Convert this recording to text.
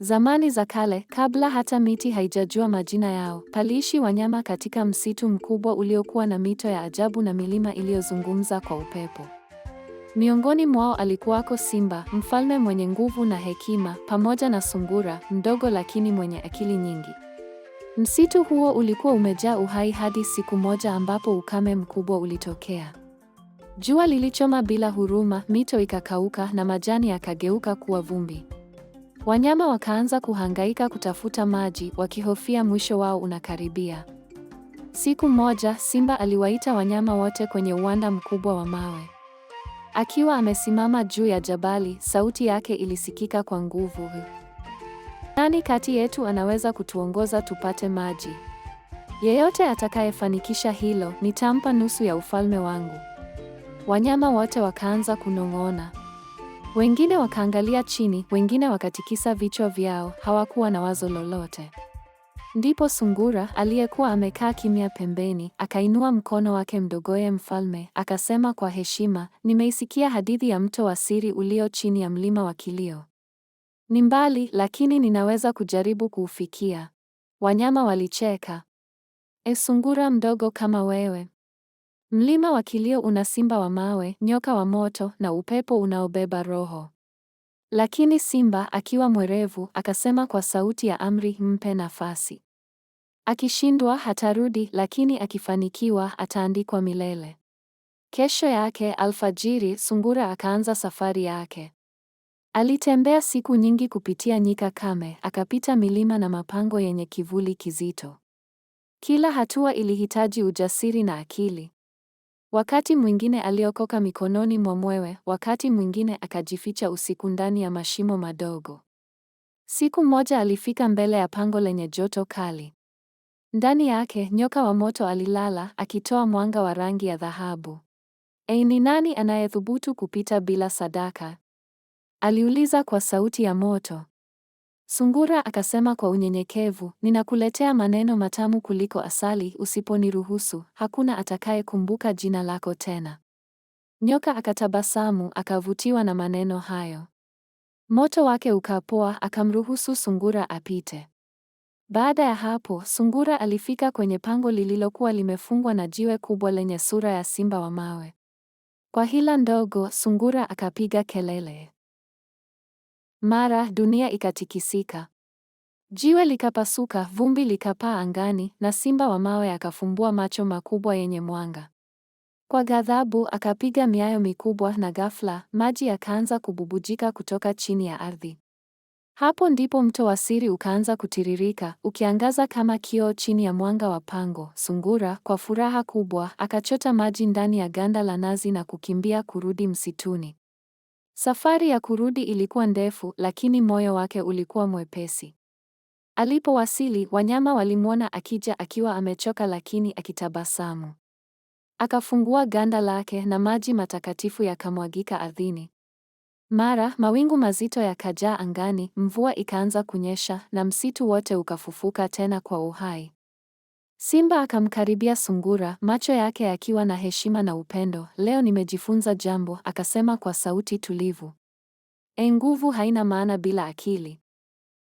Zamani za kale, kabla hata miti haijajua majina yao, paliishi wanyama katika msitu mkubwa uliokuwa na mito ya ajabu na milima iliyozungumza kwa upepo. Miongoni mwao alikuwako simba, mfalme mwenye nguvu na hekima, pamoja na sungura, mdogo lakini mwenye akili nyingi. Msitu huo ulikuwa umejaa uhai hadi siku moja ambapo ukame mkubwa ulitokea. Jua lilichoma bila huruma, mito ikakauka na majani yakageuka kuwa vumbi. Wanyama wakaanza kuhangaika kutafuta maji, wakihofia mwisho wao unakaribia. Siku moja, Simba aliwaita wanyama wote kwenye uwanda mkubwa wa mawe. Akiwa amesimama juu ya jabali, sauti yake ilisikika kwa nguvu. Nani kati yetu anaweza kutuongoza tupate maji? Yeyote atakayefanikisha hilo, nitampa nusu ya ufalme wangu. Wanyama wote wakaanza kunong'ona. Wengine wakaangalia chini, wengine wakatikisa vichwa vyao, hawakuwa na wazo lolote. Ndipo Sungura aliyekuwa amekaa kimya pembeni, akainua mkono wake mdogoye mfalme, akasema kwa heshima, nimeisikia hadithi ya mto wa siri ulio chini ya mlima wa kilio. Ni mbali, lakini ninaweza kujaribu kuufikia. Wanyama walicheka. E, sungura mdogo kama wewe, Mlima wa kilio una simba wa mawe, nyoka wa moto na upepo unaobeba roho. Lakini simba akiwa mwerevu akasema kwa sauti ya amri, mpe nafasi. Akishindwa hatarudi, lakini akifanikiwa ataandikwa milele. Kesho yake alfajiri, sungura akaanza safari yake. Alitembea siku nyingi kupitia nyika kame, akapita milima na mapango yenye kivuli kizito. Kila hatua ilihitaji ujasiri na akili. Wakati mwingine aliokoka mikononi mwa mwewe, wakati mwingine akajificha usiku ndani ya mashimo madogo. Siku moja alifika mbele ya pango lenye joto kali. Ndani yake nyoka wa moto alilala akitoa mwanga wa rangi ya dhahabu. E, ni nani anayethubutu kupita bila sadaka? Aliuliza kwa sauti ya moto. Sungura akasema kwa unyenyekevu, ninakuletea maneno matamu kuliko asali, usiponiruhusu, hakuna atakayekumbuka jina lako tena. Nyoka akatabasamu, akavutiwa na maneno hayo. Moto wake ukapoa, akamruhusu Sungura apite. Baada ya hapo, Sungura alifika kwenye pango lililokuwa limefungwa na jiwe kubwa lenye sura ya simba wa mawe. Kwa hila ndogo, Sungura akapiga kelele. Mara dunia ikatikisika, jiwe likapasuka, vumbi likapaa angani, na simba wa mawe akafumbua macho makubwa yenye mwanga. Kwa ghadhabu akapiga miayo mikubwa, na ghafla maji yakaanza kububujika kutoka chini ya ardhi. Hapo ndipo mto wa siri ukaanza kutiririka, ukiangaza kama kioo chini ya mwanga wa pango. Sungura kwa furaha kubwa akachota maji ndani ya ganda la nazi na kukimbia kurudi msituni. Safari ya kurudi ilikuwa ndefu, lakini moyo wake ulikuwa mwepesi. Alipowasili, wanyama walimwona akija akiwa amechoka lakini akitabasamu. Akafungua ganda lake na maji matakatifu yakamwagika ardhini. Mara mawingu mazito yakajaa angani, mvua ikaanza kunyesha na msitu wote ukafufuka tena kwa uhai. Simba akamkaribia Sungura, macho yake yakiwa na heshima na upendo. Leo nimejifunza jambo, akasema kwa sauti tulivu. E, nguvu haina maana bila akili.